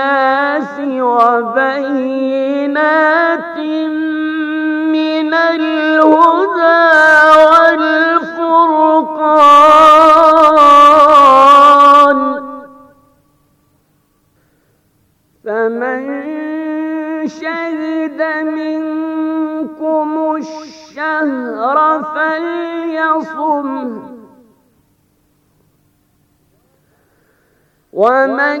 الناس وبينات من الهدى والفرقان فمن شهد منكم الشهر فليصم ومن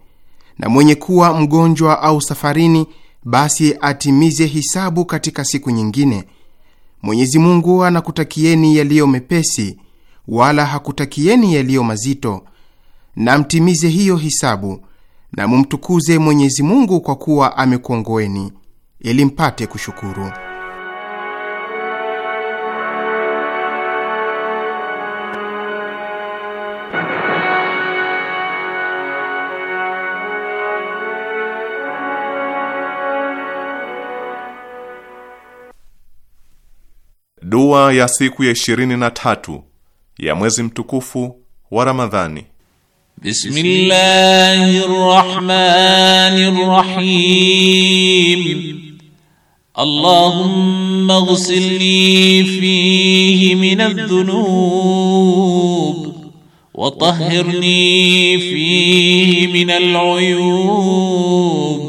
na mwenye kuwa mgonjwa au safarini, basi atimize hisabu katika siku nyingine. Mwenyezi Mungu anakutakieni yaliyo mepesi, wala hakutakieni yaliyo mazito, na mtimize hiyo hisabu na mumtukuze Mwenyezi Mungu kwa kuwa amekuongoeni ili mpate kushukuru. Dua ya siku ya ishirini na tatu ya mwezi mtukufu wa Ramadhani. Bismillahirrahmanirrahim. Allahumma ighsilni fihi min adh-dhunub wa tahhirni fihi min al-uyub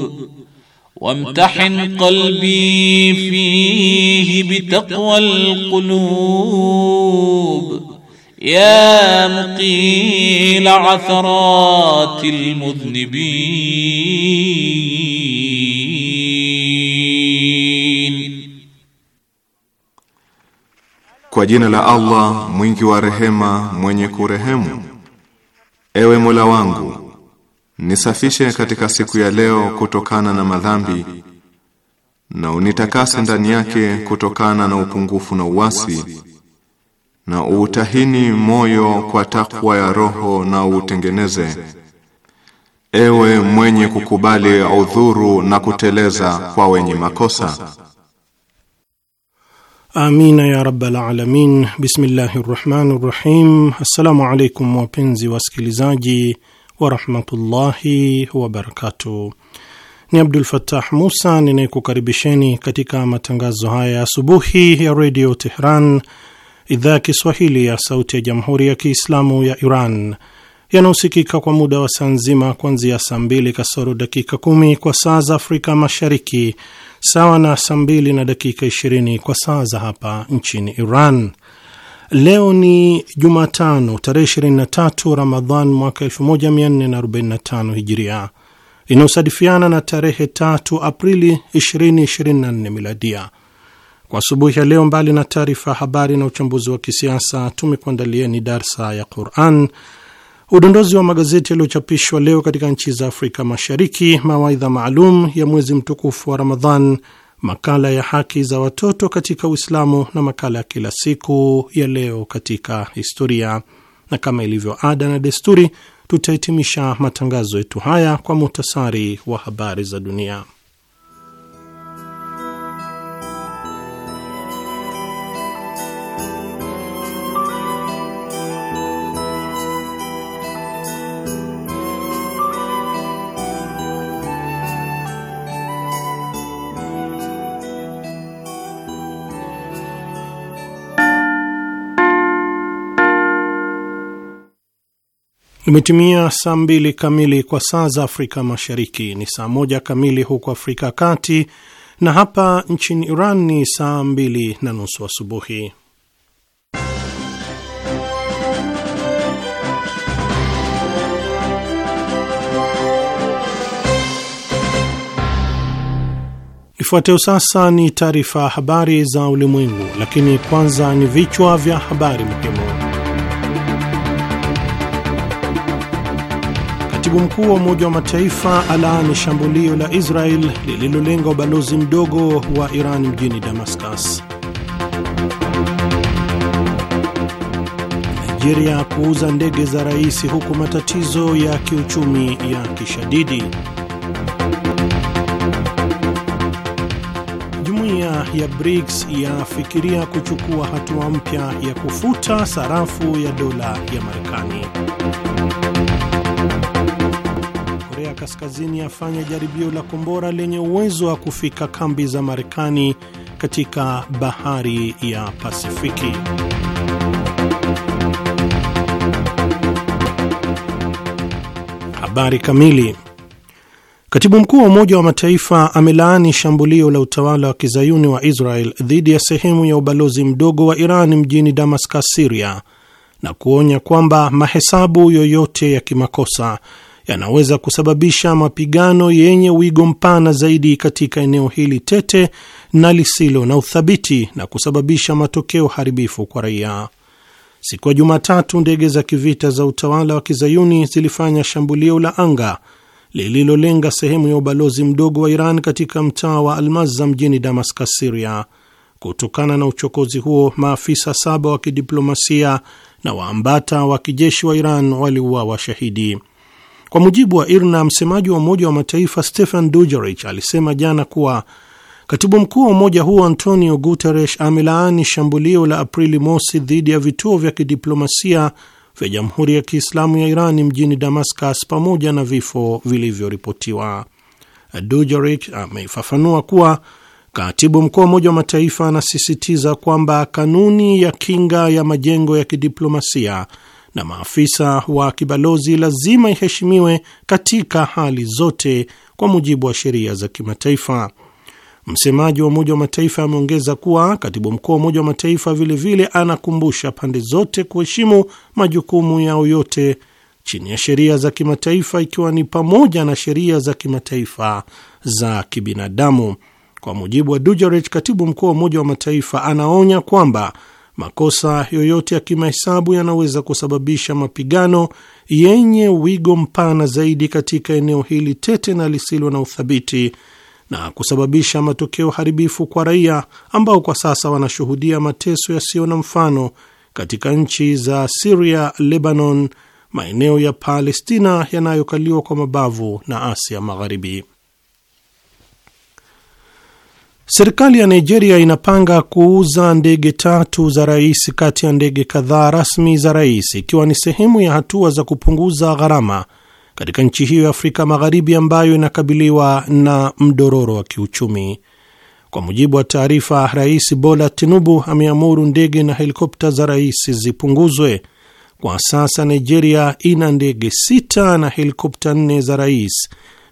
وامتحن قلبي فيه بتقوى القلوب يا مقيل عثرات المذنبين Kwa jina la Allah mwingi wa rehema mwenye kurehemu, ewe Mola wangu Nisafishe katika siku ya leo kutokana na madhambi na unitakase ndani yake kutokana na upungufu na uasi na utahini moyo kwa takwa ya roho na utengeneze ewe mwenye kukubali udhuru na kuteleza kwa wenye makosa Amina ya rabbal alamin. Bismillahir rahmanir rahim. Assalamu alaykum wapenzi wasikilizaji warahmatullahi wabarakatuh. Ni Abdul fatah Musa ninayekukaribisheni katika matangazo haya asubuhi ya Redio Tehran, idhaa ya Kiswahili ya sauti ya Jamhuri ya Kiislamu ya Iran, yanayosikika kwa muda wa saa nzima kuanzia saa mbili kasoro dakika kumi kwa saa za Afrika Mashariki, sawa na saa mbili na dakika ishirini kwa saa za hapa nchini Iran. Leo ni Jumatano tarehe 23 Ramadhan mwaka 1445 Hijiria, inayosadifiana na tarehe 3 Aprili 2024 Miladia. Kwa asubuhi ya leo, mbali na taarifa ya habari na uchambuzi wa kisiasa, tumekuandalieni darsa ya Quran, udondozi wa magazeti yaliyochapishwa leo katika nchi za Afrika Mashariki, mawaidha maalum ya mwezi mtukufu wa Ramadhan makala ya haki za watoto katika Uislamu na makala ya kila siku ya leo katika historia, na kama ilivyo ada na desturi, tutahitimisha matangazo yetu haya kwa muhtasari wa habari za dunia. Imetimia saa mbili kamili kwa saa za Afrika Mashariki, ni saa moja kamili huko Afrika ya Kati, na hapa nchini Iran ni saa mbili na nusu asubuhi. Ifuateo sasa ni taarifa ya habari za ulimwengu, lakini kwanza ni vichwa vya habari muhimu. katibu mkuu wa Umoja wa Mataifa alaani shambulio la Israel lililolenga ubalozi mdogo wa Iran mjini Damascus. Nigeria kuuza ndege za rais huku matatizo ya kiuchumi ya kishadidi. Jumuiya ya BRICS yafikiria kuchukua hatua mpya ya kufuta sarafu ya dola ya Marekani. Korea Kaskazini yafanya jaribio la kombora lenye uwezo wa kufika kambi za Marekani katika bahari ya Pasifiki. Habari kamili. Katibu mkuu wa Umoja wa Mataifa amelaani shambulio la utawala wa kizayuni wa Israel dhidi ya sehemu ya ubalozi mdogo wa Iran mjini Damascus, Siria, na kuonya kwamba mahesabu yoyote ya kimakosa yanaweza kusababisha mapigano yenye wigo mpana zaidi katika eneo hili tete na lisilo na uthabiti na kusababisha matokeo haribifu kwa raia. Siku ya Jumatatu, ndege za kivita za utawala wa kizayuni zilifanya shambulio la anga lililolenga sehemu ya ubalozi mdogo wa Iran katika mtaa wa almaza mjini Damascus, Siria. Kutokana na uchokozi huo, maafisa saba wa kidiplomasia na waambata wa kijeshi wa Iran waliuawa shahidi. Kwa mujibu wa IRNA, msemaji wa Umoja wa Mataifa Stephen Dujarric alisema jana kuwa katibu mkuu wa umoja huo Antonio Guterres amelaani shambulio la Aprili mosi dhidi ya vituo vya kidiplomasia vya Jamhuri ya Kiislamu ya Iran mjini Damascus, pamoja na vifo vilivyoripotiwa. Dujarric ameifafanua kuwa katibu mkuu wa Umoja wa Mataifa anasisitiza kwamba kanuni ya kinga ya majengo ya kidiplomasia na maafisa wa kibalozi lazima iheshimiwe katika hali zote kwa mujibu wa sheria za kimataifa. Msemaji wa Umoja wa Mataifa ameongeza kuwa katibu mkuu wa Umoja wa Mataifa vilevile vile anakumbusha pande zote kuheshimu majukumu yao yote chini ya sheria za kimataifa, ikiwa ni pamoja na sheria za kimataifa za kibinadamu. Kwa mujibu wa Dujarric, katibu mkuu wa Umoja wa Mataifa anaonya kwamba Makosa yoyote ya kimahesabu yanaweza kusababisha mapigano yenye wigo mpana zaidi katika eneo hili tete na lisilo na uthabiti na kusababisha matokeo haribifu kwa raia ambao kwa sasa wanashuhudia mateso yasiyo na mfano katika nchi za siria Lebanon, maeneo ya Palestina yanayokaliwa kwa mabavu na Asia Magharibi. Serikali ya Nigeria inapanga kuuza ndege tatu za rais kati ya ndege kadhaa rasmi za rais, ikiwa ni sehemu ya hatua za kupunguza gharama katika nchi hiyo ya Afrika Magharibi ambayo inakabiliwa na mdororo wa kiuchumi. Kwa mujibu wa taarifa, Rais Bola Tinubu ameamuru ndege na helikopta za rais zipunguzwe. Kwa sasa Nigeria ina ndege sita na helikopta nne za rais,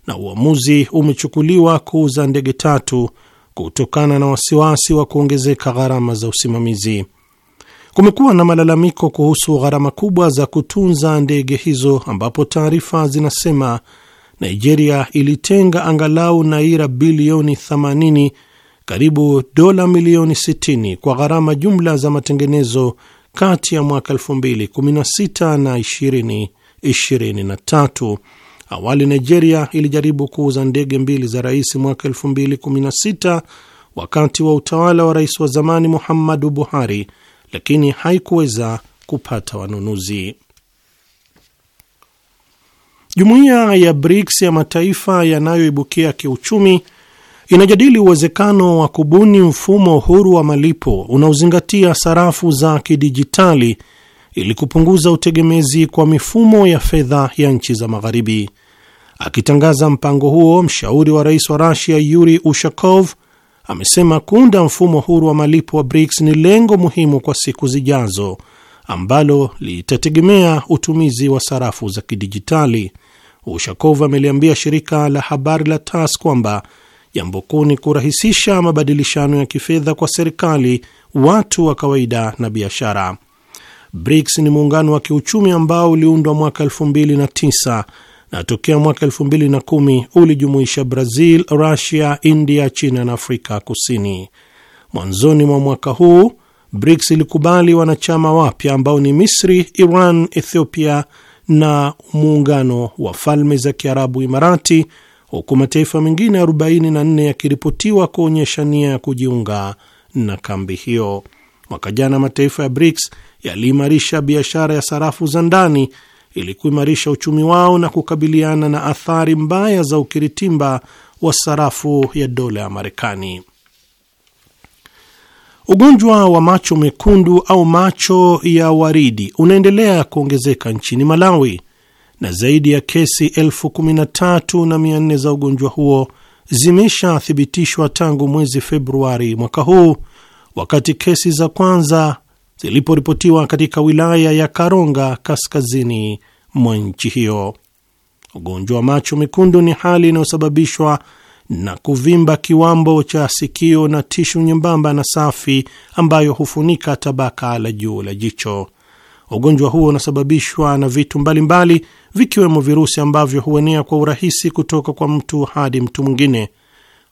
na uamuzi umechukuliwa kuuza ndege tatu kutokana na wasiwasi wa kuongezeka gharama za usimamizi. Kumekuwa na malalamiko kuhusu gharama kubwa za kutunza ndege hizo, ambapo taarifa zinasema Nigeria ilitenga angalau naira bilioni 80, karibu dola milioni 60 kwa gharama jumla za matengenezo kati ya mwaka 2016 na 2023. Awali Nigeria ilijaribu kuuza ndege mbili za rais mwaka 2016 wakati wa utawala wa rais wa zamani Muhammadu Buhari, lakini haikuweza kupata wanunuzi. Jumuiya ya BRICS ya mataifa yanayoibukia kiuchumi inajadili uwezekano wa kubuni mfumo huru wa malipo unaozingatia sarafu za kidijitali ili kupunguza utegemezi kwa mifumo ya fedha ya nchi za Magharibi. Akitangaza mpango huo, mshauri wa rais wa Rasia Yuri Ushakov amesema kuunda mfumo huru wa malipo wa BRICS ni lengo muhimu kwa siku zijazo ambalo litategemea utumizi wa sarafu za kidijitali. Ushakov ameliambia shirika la habari la TAS kwamba jambo kuu ni kurahisisha mabadilishano ya kifedha kwa serikali, watu wa kawaida na biashara. BRICS ni muungano wa kiuchumi ambao uliundwa mwaka 2009 na tokea mwaka 2010 ulijumuisha Brazil, Russia, India, China na Afrika Kusini. Mwanzoni mwa mwaka huu BRICS ilikubali wanachama wapya ambao ni Misri, Iran, Ethiopia na muungano wa falme za Kiarabu Imarati, huku mataifa mengine 44 yakiripotiwa kuonyesha nia ya kujiunga na kambi hiyo. Mwaka jana mataifa ya BRICS yaliimarisha biashara ya sarafu za ndani ili kuimarisha uchumi wao na kukabiliana na athari mbaya za ukiritimba wa sarafu ya dola ya Marekani. Ugonjwa wa macho mekundu au macho ya waridi unaendelea kuongezeka nchini Malawi na zaidi ya kesi elfu kumi na tatu na mia nne za ugonjwa huo zimeshathibitishwa tangu mwezi Februari mwaka huu wakati kesi za kwanza ziliporipotiwa katika wilaya ya Karonga kaskazini mwa nchi hiyo. Ugonjwa wa macho mekundu ni hali inayosababishwa na kuvimba kiwambo cha sikio na tishu nyembamba na safi ambayo hufunika tabaka la juu la jicho. Ugonjwa huo unasababishwa na vitu mbalimbali vikiwemo virusi ambavyo huenea kwa urahisi kutoka kwa mtu hadi mtu mwingine.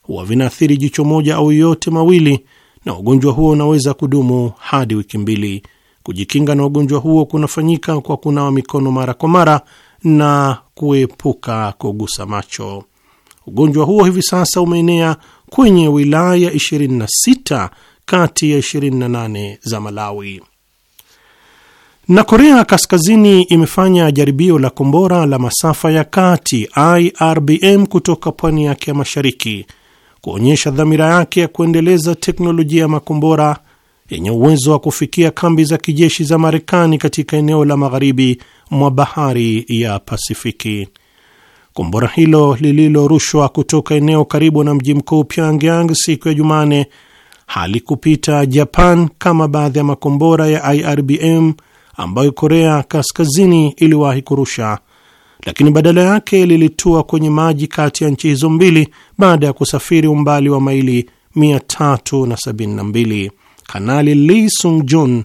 Huwa vinaathiri jicho moja au yote mawili na ugonjwa huo unaweza kudumu hadi wiki mbili. Kujikinga na ugonjwa huo kunafanyika kwa kunawa mikono mara kwa mara na kuepuka kugusa macho. Ugonjwa huo hivi sasa umeenea kwenye wilaya 26 kati ya 28 za Malawi. Na Korea Kaskazini imefanya jaribio la kombora la masafa ya kati IRBM kutoka pwani yake ya mashariki kuonyesha dhamira yake ya kuendeleza teknolojia ya makombora yenye uwezo wa kufikia kambi za kijeshi za Marekani katika eneo la magharibi mwa bahari ya Pasifiki. Kombora hilo lililorushwa kutoka eneo karibu na mji mkuu Pyongyang siku ya Jumane halikupita Japan kama baadhi ya makombora ya IRBM ambayo Korea Kaskazini iliwahi kurusha lakini badala yake lilitua kwenye maji kati ya nchi hizo mbili baada ya kusafiri umbali wa maili 372. Kanali Lee Sung-jun,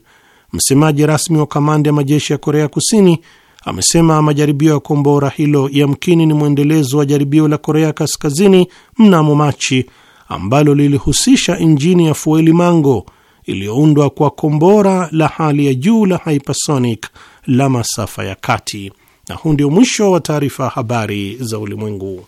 msemaji rasmi wa kamanda ya majeshi ya Korea Kusini, amesema majaribio ya kombora hilo yamkini ni mwendelezo wa jaribio la Korea Kaskazini mnamo Machi ambalo lilihusisha injini ya fueli mango iliyoundwa kwa kombora la hali ya juu la hypersonic la masafa ya kati. Na huu ndio mwisho wa taarifa habari za ulimwengu.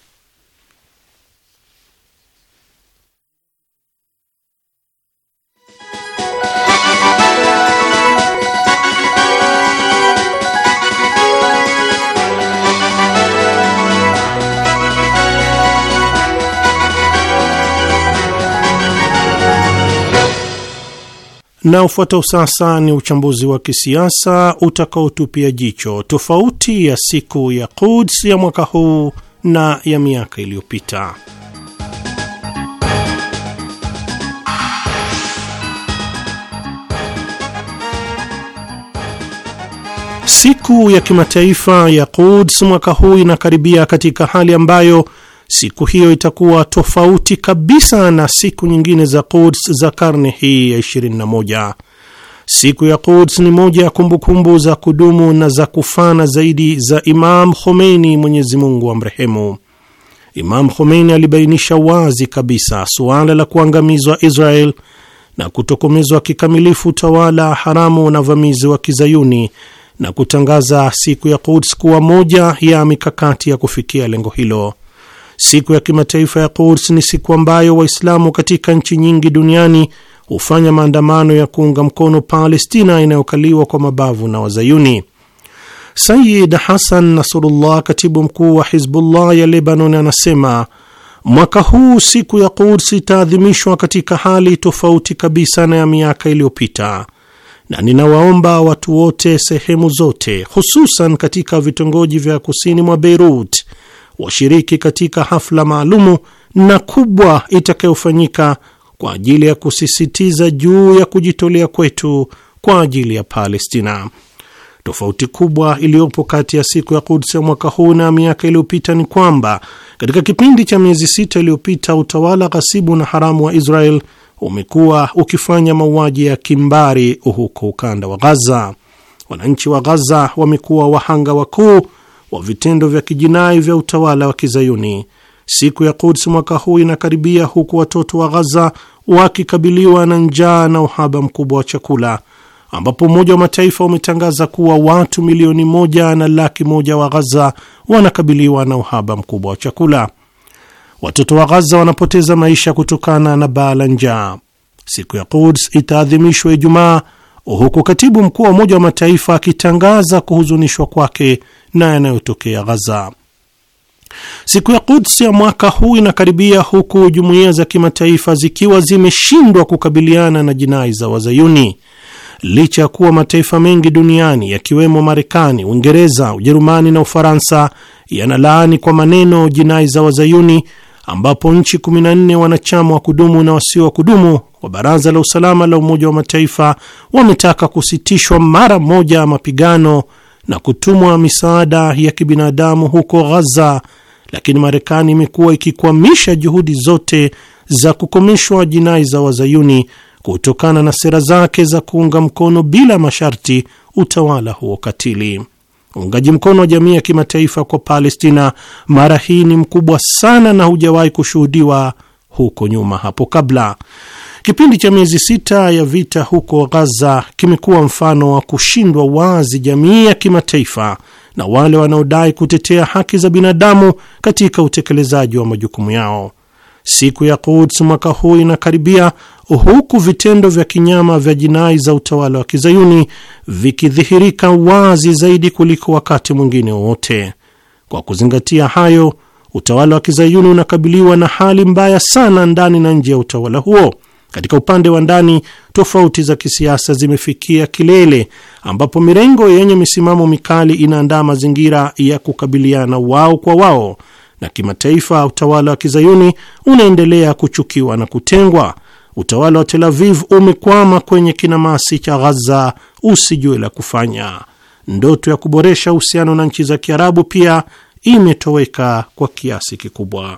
Na ufuatao sasa ni uchambuzi wa kisiasa utakaotupia jicho tofauti ya siku ya Quds ya mwaka huu na ya miaka iliyopita. Siku ya kimataifa ya Quds mwaka huu inakaribia katika hali ambayo siku hiyo itakuwa tofauti kabisa na siku nyingine za Quds za karne hii ya 21. Siku ya Quds ni moja ya kumbukumbu za kudumu na za kufana zaidi za Imam Khomeini, Mwenyezi Mungu amrehemu. Imam Khomeini alibainisha wazi kabisa suala la kuangamizwa Israel na kutokomezwa kikamilifu utawala haramu na vamizi wa Kizayuni na kutangaza siku ya Quds kuwa moja ya mikakati ya kufikia lengo hilo. Siku ya kimataifa ya Quds ni siku ambayo Waislamu katika nchi nyingi duniani hufanya maandamano ya kuunga mkono Palestina inayokaliwa kwa mabavu na Wazayuni. Sayid Hasan Nasrullah, katibu mkuu wa Hizbullah ya Lebanon, anasema mwaka huu siku ya Quds itaadhimishwa katika hali tofauti kabisa na ya miaka iliyopita, na ninawaomba watu wote sehemu zote, hususan katika vitongoji vya kusini mwa Beirut washiriki katika hafla maalumu na kubwa itakayofanyika kwa ajili ya kusisitiza juu ya kujitolea kwetu kwa ajili ya Palestina. Tofauti kubwa iliyopo kati ya siku ya kuds ya mwaka huu na miaka iliyopita ni kwamba katika kipindi cha miezi sita iliyopita utawala ghasibu na haramu wa Israel umekuwa ukifanya mauaji ya kimbari huko ukanda wa Ghaza. Wananchi wa Ghaza wamekuwa wahanga wakuu wa vitendo vya kijinai vya utawala wa kizayuni. Siku ya Quds mwaka huu inakaribia huku watoto wa Ghaza wakikabiliwa na njaa na uhaba mkubwa wa chakula, ambapo Umoja wa Mataifa umetangaza kuwa watu milioni moja na laki moja wa Ghaza wanakabiliwa na uhaba mkubwa wa chakula. Watoto wa Ghaza wanapoteza maisha kutokana na baa la njaa. Siku ya Quds itaadhimishwa Ijumaa huku katibu mkuu wa Umoja wa Mataifa akitangaza kuhuzunishwa kwake na yanayotokea Ghaza. Siku ya kuds ya mwaka huu inakaribia huku jumuiya za kimataifa zikiwa zimeshindwa kukabiliana na jinai za Wazayuni licha ya kuwa mataifa mengi duniani yakiwemo Marekani, Uingereza, Ujerumani na Ufaransa yanalaani kwa maneno jinai za Wazayuni ambapo nchi 14 wanachama wa kudumu na wasio wa kudumu wa Baraza la Usalama la Umoja wa Mataifa wametaka kusitishwa mara moja mapigano na kutumwa misaada ya kibinadamu huko Ghaza, lakini Marekani imekuwa ikikwamisha juhudi zote za kukomeshwa jinai za wazayuni kutokana na sera zake za kuunga mkono bila masharti utawala huo katili. Uungaji mkono wa jamii ya kimataifa kwa Palestina mara hii ni mkubwa sana na hujawahi kushuhudiwa huko nyuma hapo kabla. Kipindi cha miezi sita ya vita huko Gaza kimekuwa mfano wa kushindwa wazi jamii ya kimataifa na wale wanaodai kutetea haki za binadamu katika utekelezaji wa majukumu yao. Siku ya Quds mwaka huu inakaribia huku vitendo vya kinyama vya jinai za utawala wa kizayuni vikidhihirika wazi zaidi kuliko wakati mwingine wowote. Kwa kuzingatia hayo, utawala wa kizayuni unakabiliwa na hali mbaya sana ndani na nje ya utawala huo. Katika upande wa ndani, tofauti za kisiasa zimefikia kilele ambapo mirengo yenye misimamo mikali inaandaa mazingira ya kukabiliana wao kwa wao na kimataifa, utawala wa kizayuni unaendelea kuchukiwa na kutengwa. Utawala wa Tel Aviv umekwama kwenye kinamasi cha Ghaza usijue la kufanya. Ndoto ya kuboresha uhusiano na nchi za kiarabu pia imetoweka kwa kiasi kikubwa.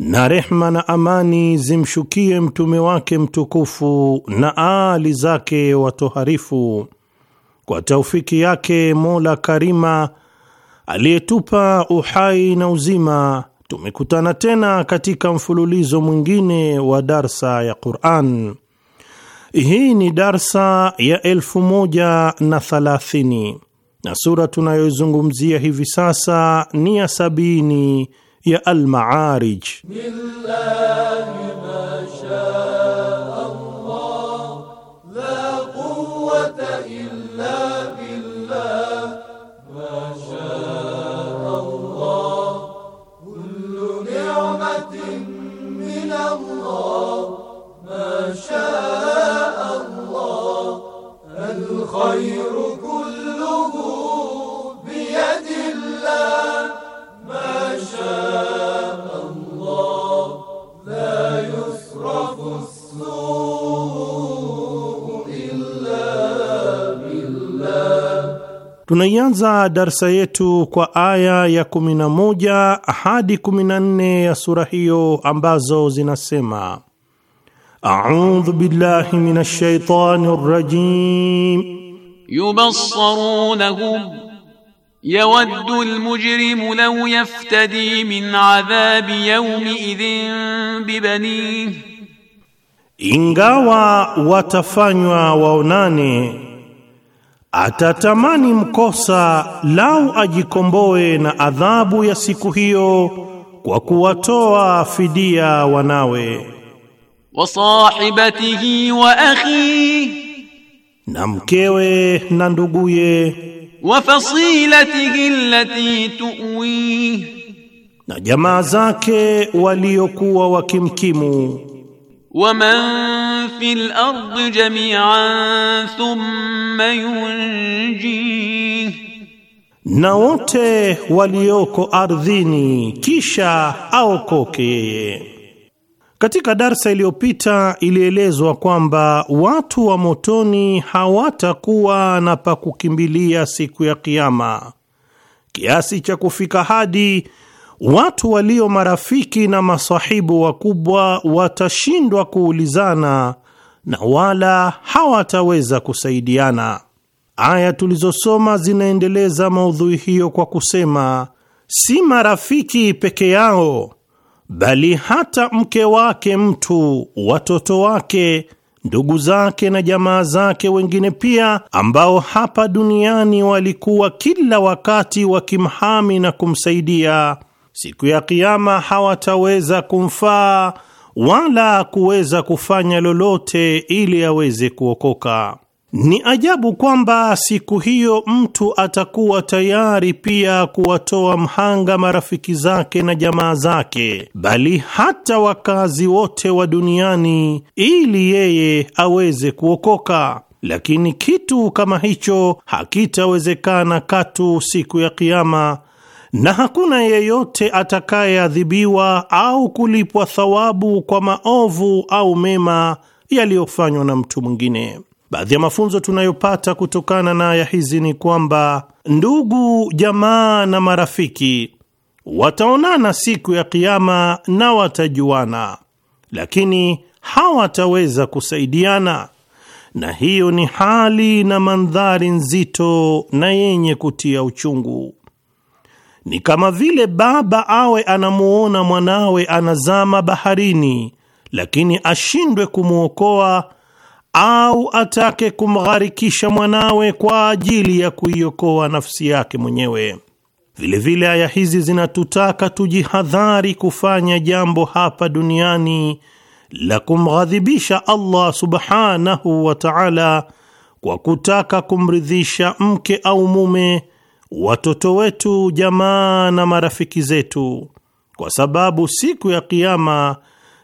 na rehma na amani zimshukie mtume wake mtukufu na aali zake watoharifu. Kwa taufiki yake Mola Karima aliyetupa uhai na uzima, tumekutana tena katika mfululizo mwingine wa darsa ya Qur'an. Hii ni darsa ya elfu moja na thalathini na sura tunayoizungumzia hivi sasa ni ya sabini يا المعارج بالله ما شاء الله لا قوة إلا بالله ما شاء الله كل نعمة من الله ما شاء الله الخير Tunaianza darsa yetu kwa aya ya 11 hadi 14 ya sura hiyo ambazo zinasema: audhu billahi minash shaitani rrajim yubassarunahum yawaddu almujrimu law yaftadi min adhabi yawmi idhin bibanihi, ingawa watafanywa waonane, atatamani mkosa lau ajikomboe na adhabu ya siku hiyo kwa kuwatoa fidia wanawe. wa sahibatihi wa akhi, na mkewe na nduguye wa fasilatihi allati tuwih, na jamaa zake waliokuwa wakimkimu. Wa man fil ardi jami'an thumma yunjih, na wote walioko ardhini kisha aokoke yeye. Katika darsa iliyopita ilielezwa kwamba watu wa motoni hawatakuwa na pa kukimbilia siku ya Kiama, kiasi cha kufika hadi watu walio marafiki na masahibu wakubwa watashindwa kuulizana na wala hawataweza kusaidiana. Aya tulizosoma zinaendeleza maudhui hiyo kwa kusema si marafiki peke yao bali hata mke wake mtu, watoto wake, ndugu zake na jamaa zake wengine pia, ambao hapa duniani walikuwa kila wakati wakimhami na kumsaidia, siku ya Kiama hawataweza kumfaa wala kuweza kufanya lolote ili aweze kuokoka. Ni ajabu kwamba siku hiyo mtu atakuwa tayari pia kuwatoa mhanga marafiki zake na jamaa zake, bali hata wakazi wote wa duniani ili yeye aweze kuokoka. Lakini kitu kama hicho hakitawezekana katu siku ya Kiama, na hakuna yeyote atakayeadhibiwa au kulipwa thawabu kwa maovu au mema yaliyofanywa na mtu mwingine. Baadhi ya mafunzo tunayopata kutokana na aya hizi ni kwamba ndugu, jamaa na marafiki wataonana siku ya Kiama na watajuana, lakini hawataweza kusaidiana, na hiyo ni hali na mandhari nzito na yenye kutia uchungu. Ni kama vile baba awe anamuona mwanawe anazama baharini, lakini ashindwe kumwokoa au atake kumgharikisha mwanawe kwa ajili ya kuiokoa nafsi yake mwenyewe. Vilevile aya hizi zinatutaka tujihadhari kufanya jambo hapa duniani la kumghadhibisha Allah subhanahu wa ta'ala kwa kutaka kumridhisha mke au mume, watoto wetu, jamaa na marafiki zetu, kwa sababu siku ya Kiyama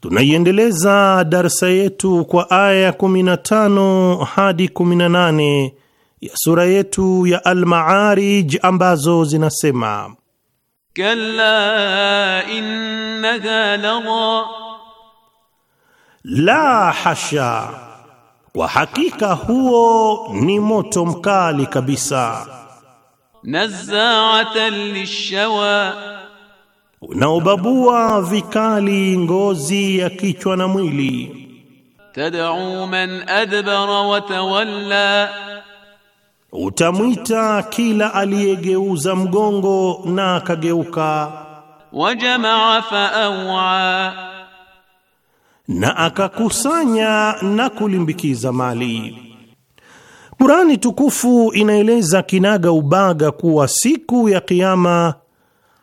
Tunaiendeleza darsa yetu kwa aya 15 hadi 18 ya sura yetu ya Al-Ma'arij ambazo zinasema: kalla innaha lagha, la hasha, kwa hakika huo ni moto mkali kabisa. Nazaatan lishawaa ubabua vikali ngozi ya kichwa na mwili. Tad'u man adbara wa tawalla, utamwita kila aliyegeuza mgongo na akageuka. Wajamaa faawa, na akakusanya na kulimbikiza mali. Qurani tukufu inaeleza kinaga ubaga kuwa siku ya Kiyama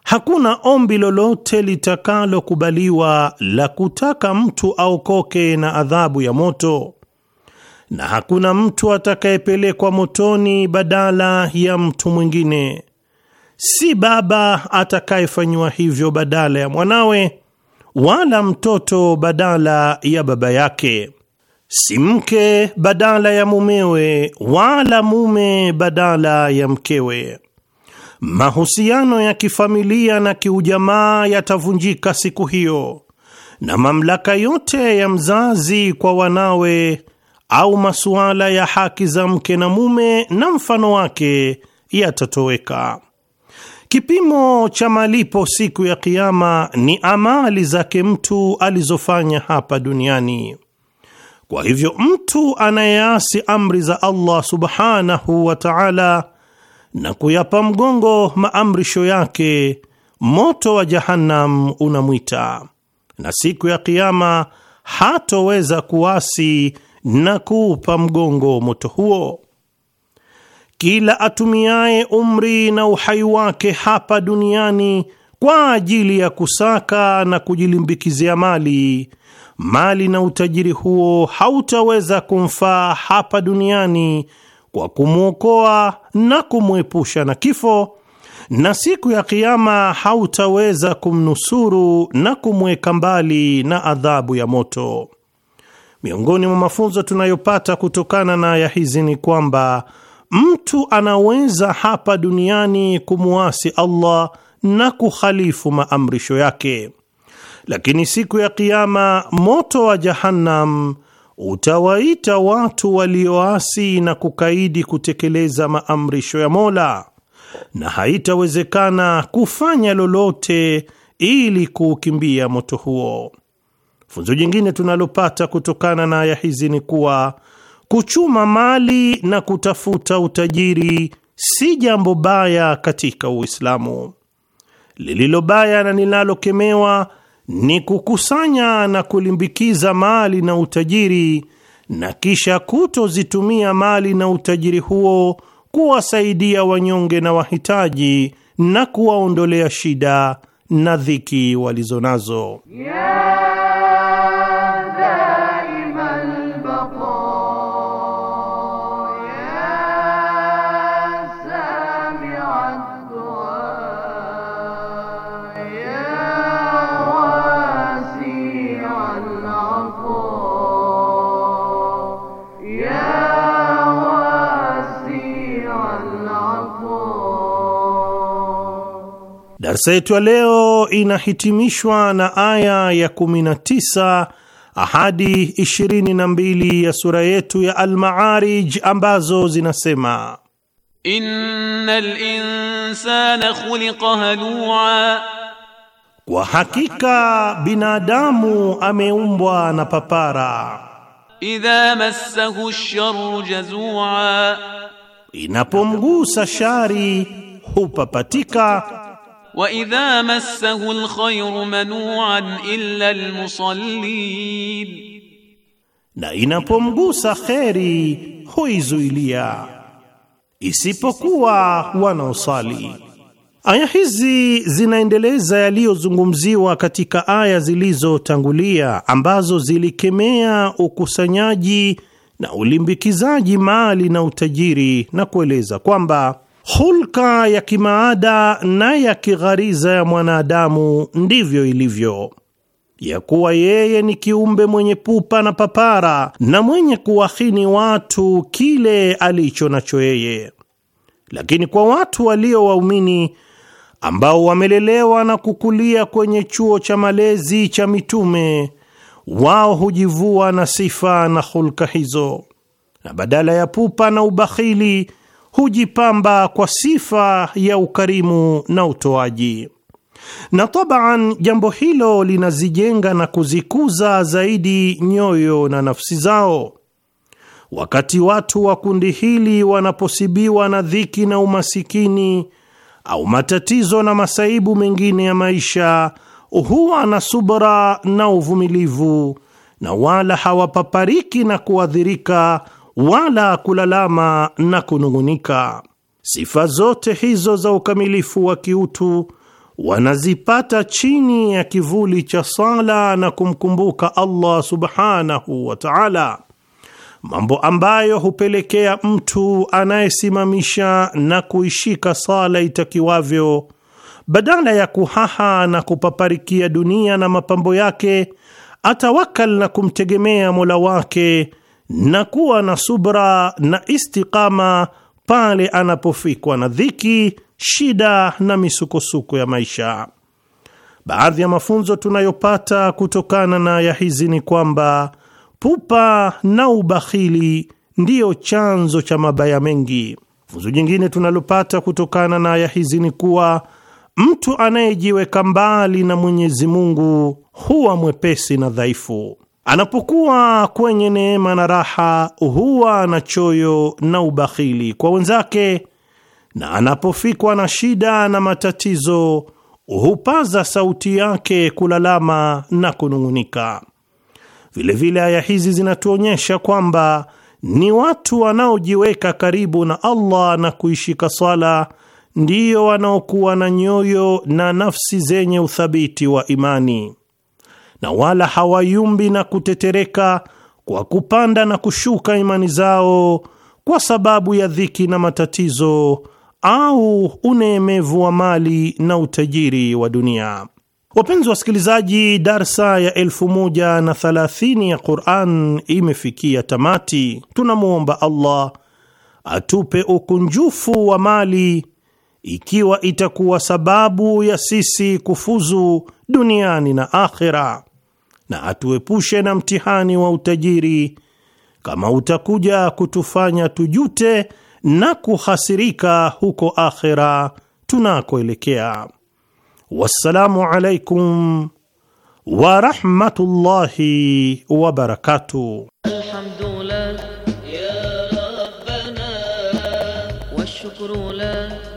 Hakuna ombi lolote litakalokubaliwa la kutaka mtu aokoke na adhabu ya moto, na hakuna mtu atakayepelekwa motoni badala ya mtu mwingine. Si baba atakayefanyiwa hivyo badala ya mwanawe, wala mtoto badala ya baba yake, si mke badala ya mumewe, wala mume badala ya mkewe. Mahusiano ya kifamilia na kiujamaa yatavunjika siku hiyo, na mamlaka yote ya mzazi kwa wanawe au masuala ya haki za mke na mume na mfano wake yatatoweka. Kipimo cha malipo siku ya Kiama ni amali zake mtu alizofanya hapa duniani. Kwa hivyo mtu anayeasi amri za Allah subhanahu wa ta'ala na kuyapa mgongo maamrisho yake, moto wa Jahannam unamwita, na siku ya Kiama hatoweza kuasi na kuupa mgongo moto huo. Kila atumiaye umri na uhai wake hapa duniani kwa ajili ya kusaka na kujilimbikizia mali, mali na utajiri huo hautaweza kumfaa hapa duniani kwa kumwokoa na kumwepusha na kifo, na siku ya Kiama hautaweza kumnusuru na kumweka mbali na adhabu ya moto. Miongoni mwa mafunzo tunayopata kutokana na aya hizi ni kwamba mtu anaweza hapa duniani kumuasi Allah na kukhalifu maamrisho yake, lakini siku ya Kiama moto wa Jahannam utawaita watu walioasi na kukaidi kutekeleza maamrisho ya Mola, na haitawezekana kufanya lolote ili kuukimbia moto huo. Funzo jingine tunalopata kutokana na aya hizi ni kuwa kuchuma mali na kutafuta utajiri si jambo baya katika Uislamu. Lililo baya na linalokemewa ni kukusanya na kulimbikiza mali na utajiri na kisha kutozitumia mali na utajiri huo kuwasaidia wanyonge na wahitaji na kuwaondolea shida na dhiki walizo nazo, yeah. Darsa yetu ya leo inahitimishwa na aya ya 19 ahadi 22 ya sura yetu ya almaarij ambazo zinasema innal insana khuliqa halua, kwa hakika binadamu ameumbwa na papara. Idha massahu sharru jazua, inapomgusa shari hupapatika وإذا مسه الخير manuan illa almusallin, na inapomgusa kheri huizuilia isipokuwa wanaosali. Aya hizi zinaendeleza yaliyozungumziwa katika aya zilizotangulia ambazo zilikemea ukusanyaji na ulimbikizaji mali na utajiri na kueleza kwamba Hulka ya kimaada na ya kighariza ya mwanadamu ndivyo ilivyo, ya kuwa yeye ni kiumbe mwenye pupa na papara na mwenye kuwahini watu kile alicho nacho yeye. Lakini kwa watu walio waumini ambao wamelelewa na kukulia kwenye chuo cha malezi cha mitume, wao hujivua na sifa na hulka hizo, na badala ya pupa na ubakhili hujipamba kwa sifa ya ukarimu na utoaji, na tabaan, jambo hilo linazijenga na kuzikuza zaidi nyoyo na nafsi zao. Wakati watu wa kundi hili wanaposibiwa na dhiki na umasikini au matatizo na masaibu mengine ya maisha, huwa na subra na uvumilivu na wala hawapapariki na kuadhirika wala kulalama na kunung'unika. Sifa zote hizo za ukamilifu wa kiutu wanazipata chini ya kivuli cha sala na kumkumbuka Allah subhanahu wa ta'ala, mambo ambayo hupelekea mtu anayesimamisha na kuishika sala itakiwavyo, badala ya kuhaha na kupaparikia dunia na mapambo yake, atawakal na kumtegemea Mola wake na kuwa na subra na istiqama pale anapofikwa na dhiki, shida na misukosuko ya maisha. Baadhi ya mafunzo tunayopata kutokana na aya hizi ni kwamba pupa na ubakhili ndiyo chanzo cha mabaya mengi. Funzo jingine tunalopata kutokana na aya hizi ni kuwa mtu anayejiweka mbali na Mwenyezi Mungu huwa mwepesi na dhaifu. Anapokuwa kwenye neema na raha, huwa na choyo na ubakhili kwa wenzake, na anapofikwa na shida na matatizo, hupaza sauti yake kulalama na kunung'unika. Vilevile aya hizi zinatuonyesha kwamba ni watu wanaojiweka karibu na Allah na kuishika swala ndiyo wanaokuwa na nyoyo na nafsi zenye uthabiti wa imani na wala hawayumbi na kutetereka kwa kupanda na kushuka imani zao kwa sababu ya dhiki na matatizo au uneemevu wa mali na utajiri wa dunia. Wapenzi wasikilizaji, darsa ya elfu moja na thalathini ya Quran imefikia tamati. Tunamwomba Allah atupe ukunjufu wa mali ikiwa itakuwa sababu ya sisi kufuzu duniani na akhera na atuepushe na mtihani wa utajiri kama utakuja kutufanya tujute na kuhasirika huko akhera tunakoelekea. Wassalamu alaikum wa rahmatullahi wa barakatuh. Alhamdulillah ya rabbana washukuru lak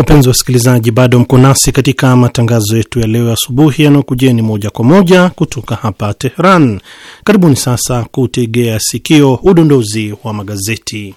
Wapenzi wa wasikilizaji, bado mko nasi katika matangazo yetu ya leo asubuhi yanayokujeni moja kwa moja kutoka hapa Tehran. Karibuni sasa kutegea sikio udondozi wa magazeti.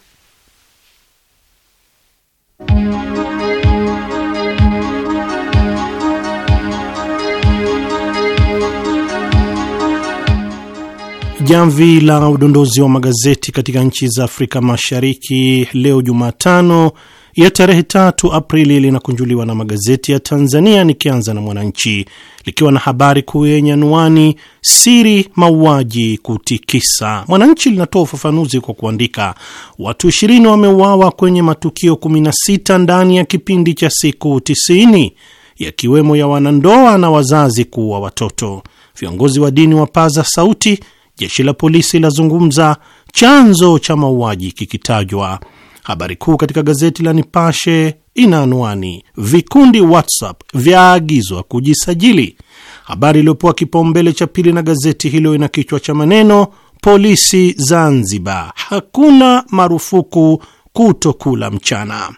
Jamvi la udondozi wa magazeti katika nchi za Afrika Mashariki leo Jumatano ya tarehe tatu Aprili linakunjuliwa na magazeti ya Tanzania, nikianza na Mwananchi likiwa na habari kuu yenye anwani siri mauaji kutikisa. Mwananchi linatoa ufafanuzi kwa kuandika, watu ishirini wameuawa kwenye matukio 16 ndani ya kipindi cha siku 90 yakiwemo ya wanandoa na wazazi kuua watoto. Viongozi wa dini wapaza sauti, jeshi la polisi lazungumza, chanzo cha mauaji kikitajwa. Habari kuu katika gazeti la Nipashe ina anwani vikundi WhatsApp vyaagizwa kujisajili. Habari iliyopewa kipaumbele cha pili na gazeti hilo ina kichwa cha maneno polisi Zanzibar, hakuna marufuku kutokula mchana.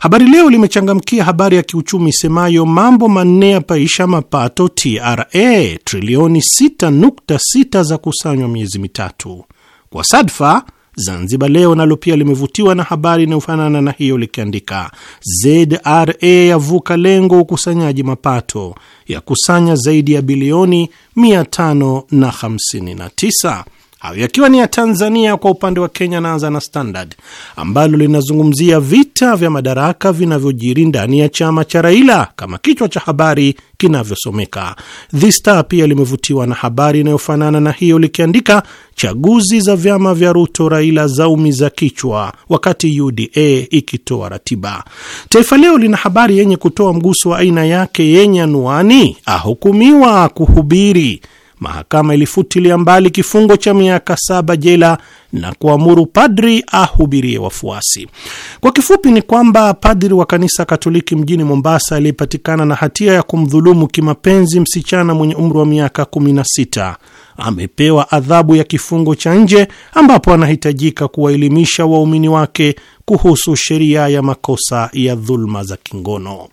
Habari Leo limechangamkia habari ya kiuchumi isemayo mambo manne yapaisha mapato TRA, trilioni 6.6 za kusanywa miezi mitatu. Kwa sadfa Zanzibar Leo nalo pia limevutiwa na habari inayofanana na hiyo likiandika, ZRA yavuka lengo ukusanyaji mapato, ya kusanya zaidi ya bilioni 559. Hayo yakiwa ni ya Tanzania. Kwa upande wa Kenya, naanza na Standard ambalo linazungumzia vita vya madaraka vinavyojiri ndani ya chama cha Raila kama kichwa cha habari kinavyosomeka. The Star pia limevutiwa na habari inayofanana na hiyo likiandika, chaguzi za vyama vya Ruto Raila zaumiza kichwa, wakati UDA ikitoa ratiba. Taifa Leo lina habari yenye kutoa mguso wa aina yake yenye anuani, ahukumiwa kuhubiri mahakama ilifutilia mbali kifungo cha miaka saba jela na kuamuru padri ahubirie wafuasi. Kwa kifupi, ni kwamba padri wa kanisa Katoliki mjini Mombasa aliyepatikana na hatia ya kumdhulumu kimapenzi msichana mwenye umri wa miaka 16 amepewa adhabu ya kifungo cha nje, ambapo anahitajika kuwaelimisha waumini wake kuhusu sheria ya makosa ya dhuluma za kingono.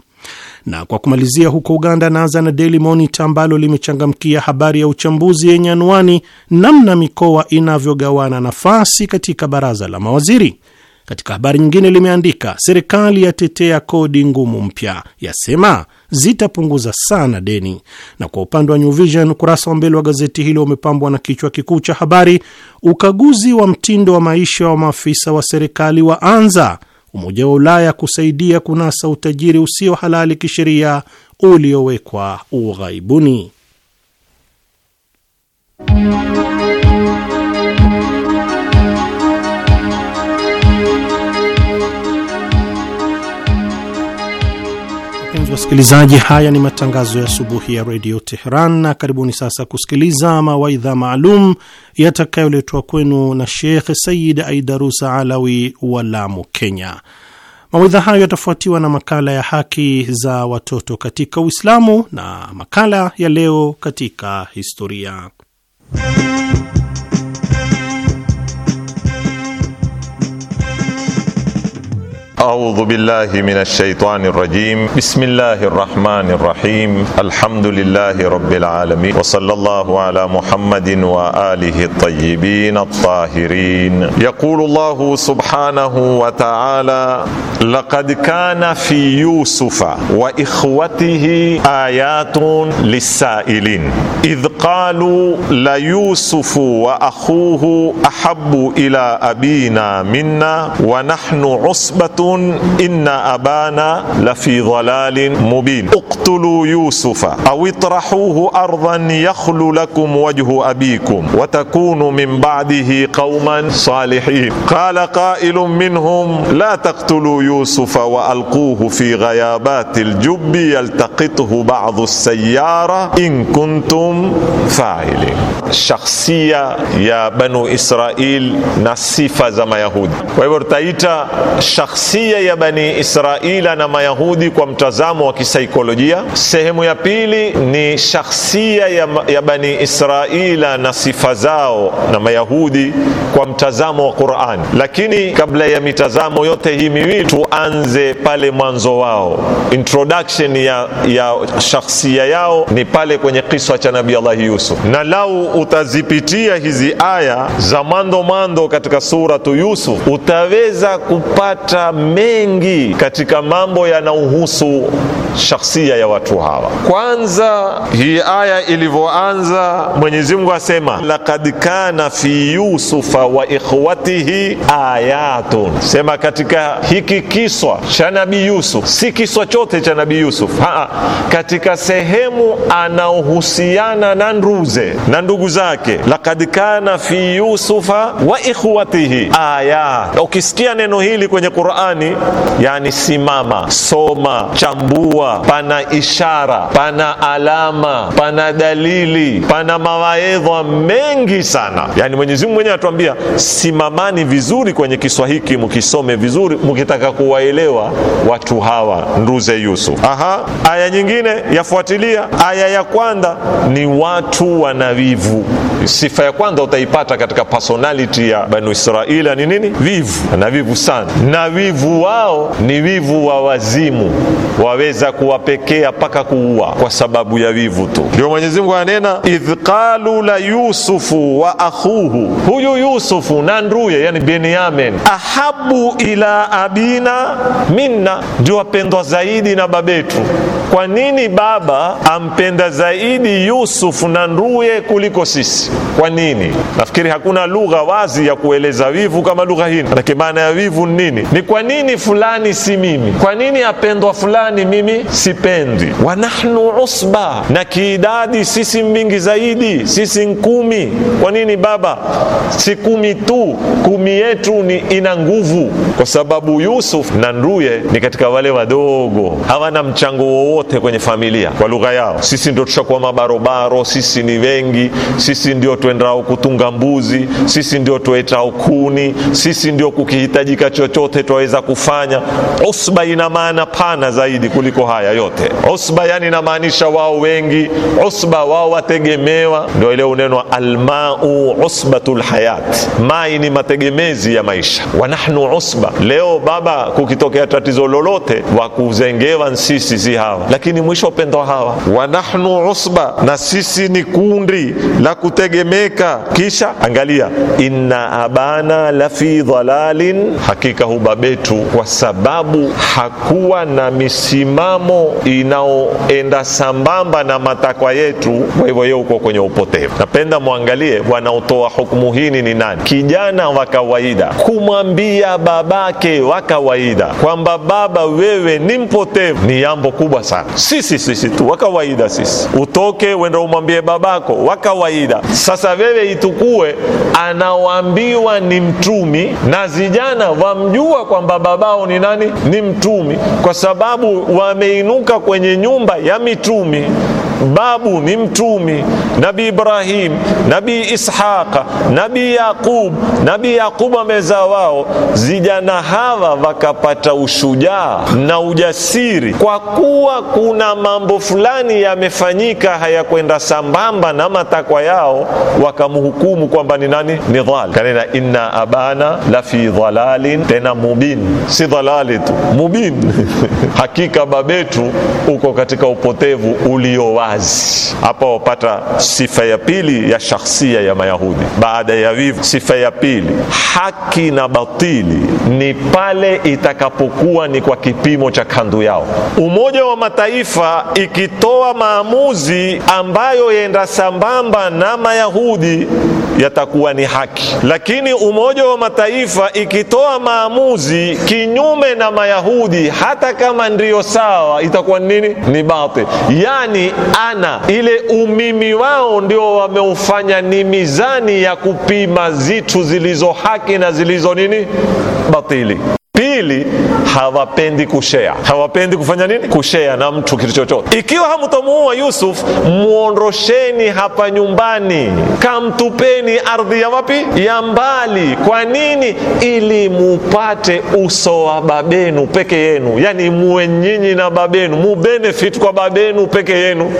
Na kwa kumalizia, huko Uganda naanza na Daily Monitor ambalo limechangamkia habari ya uchambuzi yenye anwani namna mikoa inavyogawana nafasi katika baraza la mawaziri. Katika habari nyingine limeandika serikali yatetea kodi ngumu mpya, yasema zitapunguza sana deni. Na kwa upande wa New Vision, ukurasa wa mbele wa gazeti hilo umepambwa na kichwa kikuu cha habari, ukaguzi wa mtindo wa maisha wa maafisa wa serikali waanza Umoja wa Ulaya kusaidia kunasa utajiri usio halali kisheria uliowekwa ughaibuni. wasikilizaji, haya ni matangazo ya asubuhi ya redio Teheran, na karibuni sasa kusikiliza mawaidha maalum yatakayoletwa kwenu na Sheikh Sayid Aidarusa Alawi wa Lamu, Kenya. Mawaidha hayo yatafuatiwa na makala ya haki za watoto katika Uislamu na makala ya leo katika historia أعوذ بالله من الشيطان الرجيم بسم الله الرحمن الرحيم الحمد لله رب العالمين وصلى الله على محمد وآله الطيبين الطاهرين يقول الله سبحانه وتعالى لقد كان في يوسف وإخوته آيات للسائلين إذ قالوا ليوسف وأخوه أحب إلى أبينا منا ونحن عصبة إن أبانا لفي ضلال مبين اقتلوا يوسف أو اطرحوه أرضا يخل لكم وجه أبيكم وتكونوا من بعده قوما صالحين قال قائل منهم لا تقتلوا يوسف وألقوه في غيابات الجب يلتقطه بعض السيارة إن كنتم فاعلين شخصية يا بنو إسرائيل na زما يهود وَيَوْرْتَايْتَا شخصية tabia ya Bani Israila na Mayahudi kwa mtazamo wa kisaikolojia. Sehemu ya pili ni shakhsia ya, ya Bani Israila na sifa zao na Mayahudi kwa mtazamo wa Qurani. Lakini kabla ya mitazamo yote hii miwili, tuanze pale mwanzo wao. Introduction ya, ya shakhsia yao ni pale kwenye kiswa cha Nabii Allah Yusuf, na lau utazipitia hizi aya za mwandomwando katika suratu Yusuf utaweza kupata mengi katika mambo yanayohusu shakhsia ya watu hawa. Kwanza, hii aya ilivyoanza, Mwenyezi Mungu asema laqad kana fi yusufa wa ikhwatihi ayatun, sema katika hiki kiswa cha Nabii Yusuf, si kiswa chote cha Nabii Yusuf ha, katika sehemu anaohusiana na nduze na ndugu zake, laqad kana fi yusufa wa ikhwatihi ayat. Ukisikia neno hili kwenye Qur'ani gani? Yani simama, soma, chambua. Pana ishara, pana alama, pana dalili, pana mawaedha mengi sana. Yani Mwenyezi Mungu mwenyewe atuambia simamani vizuri kwenye kiswa hiki, mukisome vizuri, mukitaka kuwaelewa watu hawa nduze Yusuf. Aha, aya nyingine yafuatilia aya ya kwanza ni watu wana wivu Sifa ya kwanza utaipata katika personality ya Banu Israila ni nini? Vivu, ana vivu sana na vivu wivu wao ni wivu wa wazimu, waweza kuwapekea mpaka kuua kwa sababu ya wivu tu. Ndio Mwenyezi Mungu anena idh qalu la yusufu wa akhuhu, huyu Yusufu na nduye, yani Benyamin, ahabu ila abina minna, ndio wapendwa zaidi na babetu kwa nini baba ampenda zaidi Yusuf na nduye kuliko sisi? Kwa nini? Nafikiri hakuna lugha wazi ya kueleza wivu kama lugha hii. Manake maana ya wivu ni nini? Ni kwa nini fulani si mimi? Kwa nini apendwa fulani mimi sipendi? wa nahnu usba, na kiidadi sisi mingi zaidi, sisi nkumi. Kwa nini baba si kumi tu? Kumi yetu ni ina nguvu, kwa sababu Yusuf na nduye ni katika wale wadogo, hawana mchango wowote wote kwenye familia kwa lugha yao. Sisi ndio tushakuwa mabarobaro, sisi ni wengi, sisi ndio tuendao kutunga mbuzi, sisi ndio tuetao kuni, sisi ndio kukihitajika chochote twaweza kufanya. Usba ina maana pana zaidi kuliko haya yote. Usba yani inamaanisha wao wengi, usba wao wategemewa, ndio ile unenwa almau usbatul hayat, mai ni mategemezi ya maisha. Wa nahnu usba, leo baba, kukitokea tatizo lolote wakuzengewa nsisi si hawa lakini mwisho wapendwa hawa, wanahnu usba, na sisi ni kundi la kutegemeka. Kisha angalia, inna abana la fi dhalalin, hakika betu kwa sababu hakuwa na misimamo inaoenda sambamba na matakwa yetu, kwa hivyo yeye uko kwenye upotevu. Napenda mwangalie wanaotoa hukumu hini ni nani? Kijana wa kawaida kumwambia babake wa kawaida kwamba baba, wewe ni mpotevu ni jambo kubwa sana sana. Sisi sisi tu wa kawaida sisi, utoke uende umwambie babako wa kawaida. Sasa wewe itukue anawaambiwa ni mtumi, na zijana wamjua kwamba babao ni nani? Ni mtumi, kwa sababu wameinuka kwenye nyumba ya mitumi babu ni mtumi nabii Ibrahim, nabii Ishaqa, nabii Yaqub. Nabii Yaqubu ameza wao, zijana hawa wakapata ushujaa na ujasiri, kwa kuwa kuna mambo fulani yamefanyika hayakwenda sambamba na matakwa yao, wakamhukumu kwamba ni nani? Ni dhali. Kanena inna abana la fi dhalalin, tena mubin, si dhalali tu mubin hakika babetu uko katika upotevu ulio wazi. Hapa wapata sifa ya pili ya shakhsia ya Mayahudi baada ya vivu. Sifa ya pili, haki na batili ni pale itakapokuwa ni kwa kipimo cha kandu yao. Umoja wa Mataifa ikitoa maamuzi ambayo yaenda sambamba na Mayahudi yatakuwa ni haki. Lakini Umoja wa Mataifa ikitoa maamuzi kinyume na Mayahudi, hata kama ndiyo sawa, itakuwa nini? Ni batil. Yani ana ile umimi wao ndio wameufanya ni mizani ya kupima zitu zilizo haki na zilizo nini, batili. Pili, hawapendi kushea, hawapendi kufanya nini? Kushea na mtu kitu chochote. Ikiwa hamtomuua Yusuf, muondosheni hapa nyumbani, kamtupeni ardhi ya wapi? Ya mbali. Kwa nini? Ili mupate uso wa babenu peke yenu, yani muwe nyinyi na babenu, mu benefit kwa babenu peke yenu.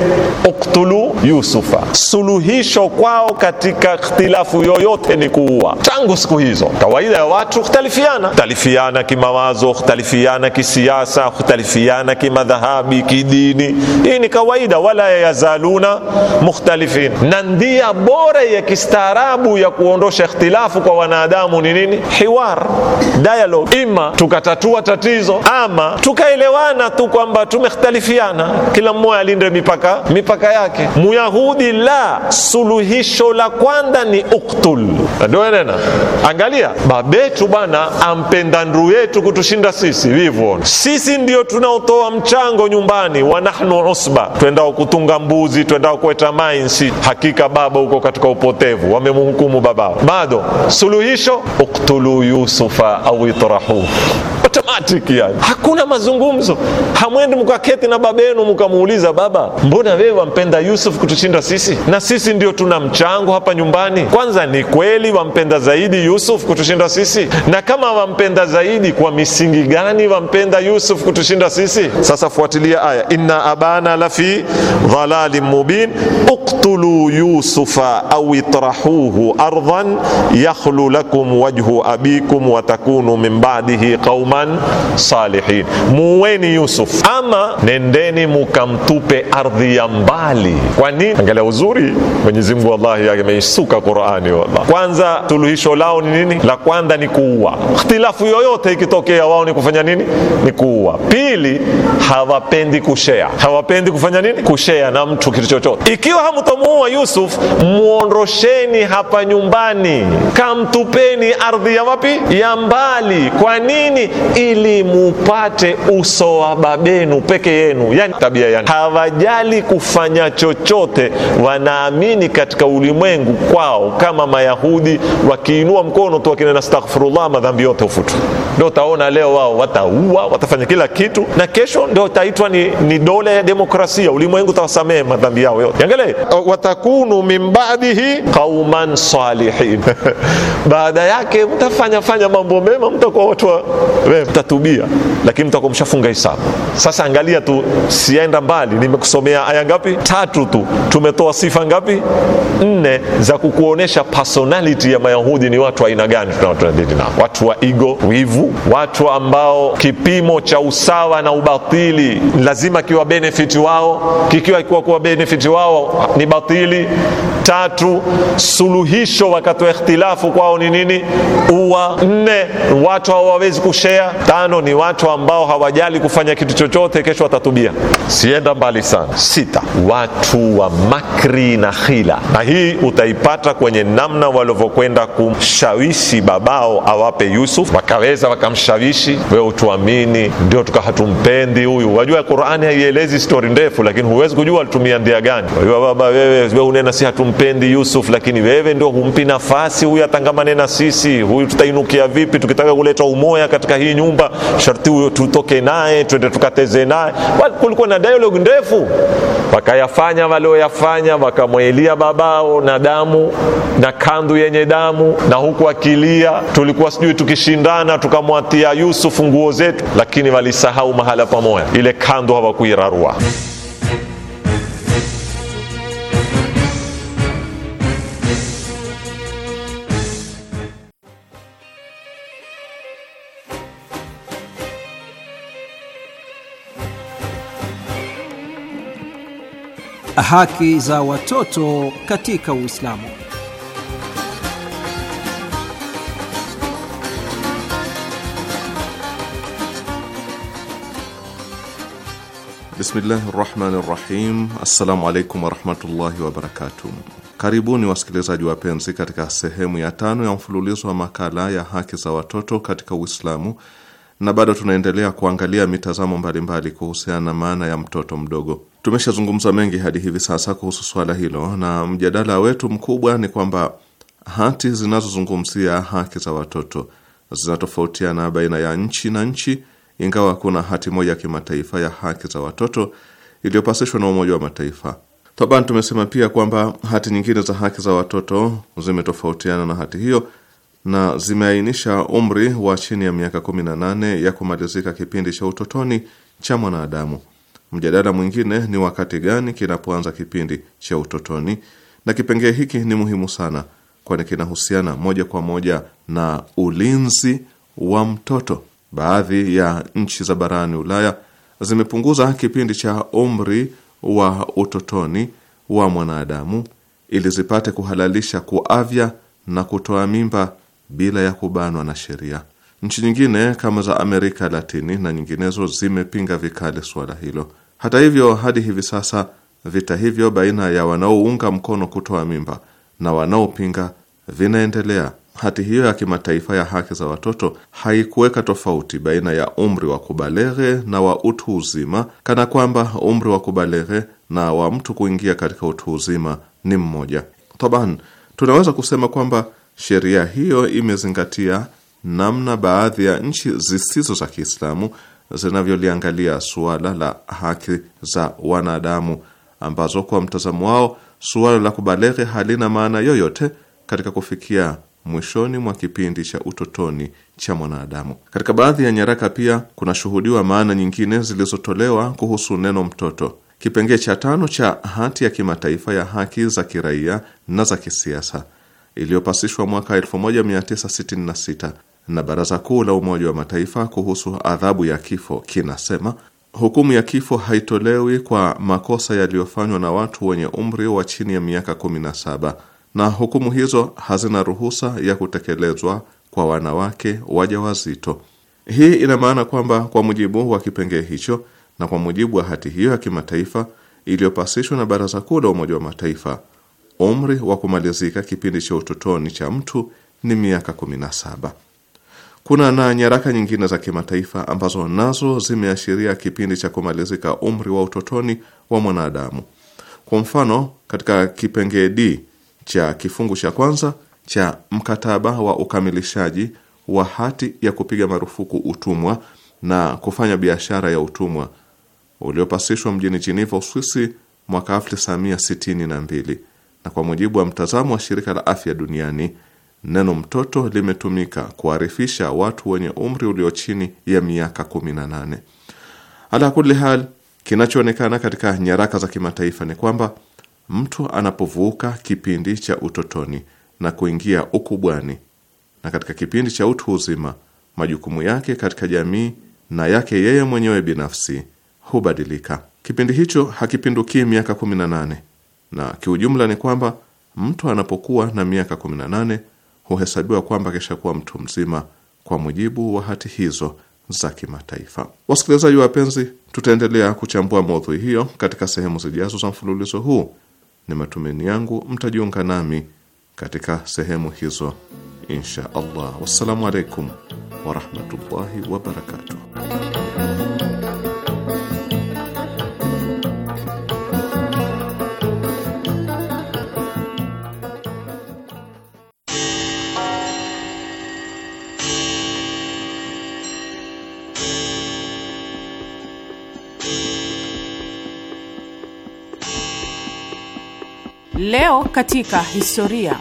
Uktulu Yusufa, suluhisho kwao katika ikhtilafu yoyote ni kuua. Tangu siku hizo kawaida ya watu kutalifiana, talifiana kima mawazo hukhtalifiana kisiasa, hukhtalifiana kimadhahabi, kidini. Hii ni kawaida, wala yazaluna mukhtalifin. Na ndia bora ya kistaarabu ya kuondosha ikhtilafu kwa wanadamu ni nini? Hiwar, dialogue. Ima tukatatua tatizo ama tukaelewana tu kwamba tumekhtalifiana, kila mmoja alinde mipaka mipaka yake. Muyahudi la suluhisho la kwanza ni uktul, ndio nena. Angalia babetu bana ampenda ndugu yetu yetu kutushinda sisi vivyo. Sisi ndio tunaotoa mchango nyumbani, wa nahnu usba, twendao kutunga mbuzi, twendao kuweta mainsi. Hakika baba huko katika upotevu, wamemhukumu babao. Bado suluhisho, uktulu yusufa au itrahuhu automatic yani, hakuna mazungumzo. Hamwendi mkaketi na baba yenu mkamuuliza, baba, mbona wewe wampenda Yusuf kutushinda sisi, na sisi ndio tuna mchango hapa nyumbani? Kwanza ni kweli wampenda zaidi Yusuf kutushinda sisi? Na kama wampenda zaidi, kwa misingi gani wampenda Yusuf kutushinda sisi? Sasa fuatilia aya, inna abana lafi dhalalin mubin uktulu yusufa au fatrahuhu ardhan yakhlu lakum wajhu abikum watakunu min ba'dihi qauman salihin, muweni Yusuf ama nendeni mukamtupe ardhi ya mbali. Kwani angalia uzuri, Mwenyezi Mungu wallahi ameisuka Qur'ani. Wallahi, kwanza suluhisho lao ni nini? La kwanza ni kuua. Ikhtilafu yoyote ikitokea, wao ni kufanya nini? Ni kuua. Pili, hawapendi kushea hawapendi kufanya nini? kushea na mtu kitu chochote. Ikiwa hamtomuua Yusuf, muondoshe mtosheni hapa nyumbani, kamtupeni ardhi ya wapi? Ya mbali. Kwa nini? Ili mupate uso wa babenu peke yenu. Yani tabia yani, hawajali kufanya chochote, wanaamini katika ulimwengu kwao, kama Mayahudi wakiinua mkono tu wakinena astaghfirullah, madhambi yote ufutu. Ndio utaona leo wao wataua, watafanya kila kitu, na kesho ndio utaitwa ni, ni dole ya demokrasia. Ulimwengu utawasamehe madhambi yao yote. Angalia, watakunu min ba'dihi qauman salihin baada yake mtafanya fanya mambo mema, mtakuwa watu wema, mtatubia, lakini mtakuwa mshafunga hisabu. Sasa angalia tu, sienda mbali, nimekusomea aya ngapi? Tatu tu. Tumetoa sifa ngapi? Nne, za kukuonesha personality ya Mayahudi ni watu aina gani watu wa igo, wivu, watu ambao kipimo cha usawa na ubatili lazima kiwa benefit wao, kikiwa kiwa kuwa benefit wao ni batili. Tatu, suluhisho wakati wa ikhtilafu kwao ni nini? Uwa. Nne, watu hao hawawezi kushea. Tano, ni watu ambao hawajali kufanya kitu chochote, kesho watatubia. Sienda mbali sana. Sita, watu wa makri na hila, na hii utaipata kwenye namna walivyokwenda kumshawishi babao awape Yusuf, wakaweza wakamshawishi, wewe utuamini, ndio tuka hatumpendi huyu. Wajua Qur'ani haielezi stori ndefu, lakini huwezi kujua alitumia ndia gani. Wajua baba, wewe unena si hatumpendi Yusuf lakini wewe ndio humpi nafasi huyu atangamane na sisi. Huyu tutainukia vipi? Tukitaka kuleta umoya katika hii nyumba, sharti huyo tutoke naye, twende tukateze naye. Kulikuwa na dialogue ndefu, wakayafanya walioyafanya, wakamwelia babao na damu na kandu yenye damu, na huku akilia, tulikuwa sijui tukishindana, tukamwatia Yusufu nguo zetu, lakini walisahau mahala pamoja, ile kandu hawakuirarua. Haki za watoto katika Uislamu. Bismillahi rahmani rahim. Assalamu alaikum warahmatullahi wabarakatuh. Karibuni wasikilizaji wapenzi, katika sehemu ya tano ya mfululizo wa makala ya haki za watoto katika Uislamu na bado tunaendelea kuangalia mitazamo mbalimbali kuhusiana na maana ya mtoto mdogo. Tumeshazungumza mengi hadi hivi sasa kuhusu swala hilo, na mjadala wetu mkubwa ni kwamba hati zinazozungumzia haki za watoto zinatofautiana baina ya nchi na nchi, ingawa kuna hati moja ya kimataifa ya haki za watoto iliyopasishwa na Umoja wa Mataifa. Taban tumesema pia kwamba hati nyingine za haki za watoto zimetofautiana na hati hiyo na zimeainisha umri wa chini ya miaka 18 ya kumalizika kipindi cha utotoni cha mwanadamu. Mjadala mwingine ni wakati gani kinapoanza kipindi cha utotoni, na kipengee hiki ni muhimu sana, kwani kinahusiana moja kwa moja na ulinzi wa mtoto. Baadhi ya nchi za barani Ulaya zimepunguza kipindi cha umri wa utotoni wa mwanadamu ili zipate kuhalalisha kuavya na kutoa mimba bila ya kubanwa na sheria. Nchi nyingine kama za Amerika Latini na nyinginezo zimepinga vikali suala hilo. Hata hivyo, hadi hivi sasa vita hivyo baina ya wanaounga mkono kutoa mimba na wanaopinga vinaendelea. Hati hiyo ya kimataifa ya haki za watoto haikuweka tofauti baina ya umri wa kubaleghe na wa utu uzima, kana kwamba umri wa kubaleghe na wa mtu kuingia katika utu uzima ni mmoja. Taban, tunaweza kusema kwamba Sheria hiyo imezingatia namna baadhi ya nchi zisizo za Kiislamu zinavyoliangalia suala la haki za wanadamu, ambazo kwa mtazamo wao suala la kubalehe halina maana yoyote katika kufikia mwishoni mwa kipindi cha utotoni cha mwanadamu. Katika baadhi ya nyaraka pia kunashuhudiwa maana nyingine zilizotolewa kuhusu neno mtoto. Kipengee cha tano cha hati ya kimataifa ya haki za kiraia na za kisiasa iliyopasishwa mwaka 1966 na Baraza Kuu la Umoja wa Mataifa kuhusu adhabu ya kifo kinasema hukumu ya kifo haitolewi kwa makosa yaliyofanywa na watu wenye umri wa chini ya miaka 17 na hukumu hizo hazina ruhusa ya kutekelezwa kwa wanawake wajawazito. Hii ina maana kwamba kwa mujibu wa kipengee hicho na kwa mujibu wa hati hiyo ya kimataifa iliyopasishwa na Baraza Kuu la Umoja wa Mataifa Umri wa kumalizika kipindi cha utotoni cha mtu ni miaka 17. Kuna na nyaraka nyingine za kimataifa ambazo nazo zimeashiria kipindi cha kumalizika umri wa utotoni wa mwanadamu. Kwa mfano, katika kipengee D cha kifungu cha kwanza cha mkataba wa ukamilishaji wa hati ya kupiga marufuku utumwa na kufanya biashara ya utumwa uliopasishwa mjini Geneva, Uswisi mwaka 1962 na kwa mujibu wa mtazamo wa shirika la afya duniani, neno mtoto limetumika kuarifisha watu wenye umri ulio chini ya miaka 18. Ala kulli hal, kinachoonekana katika nyaraka za kimataifa ni kwamba mtu anapovuka kipindi cha utotoni na kuingia ukubwani na katika kipindi cha utu uzima, majukumu yake katika jamii na yake yeye mwenyewe binafsi hubadilika. Kipindi hicho hakipindukii miaka 18 na kiujumla ni kwamba mtu anapokuwa na miaka 18 huhesabiwa kwamba akishakuwa mtu mzima kwa mujibu wa hati hizo za kimataifa. Wasikilizaji wapenzi, tutaendelea kuchambua maudhui hiyo katika sehemu zijazo za mfululizo huu. Ni matumaini yangu mtajiunga nami katika sehemu hizo insha Allah. Wassalamu alaikum warahmatullahi wabarakatuh. Leo katika historia.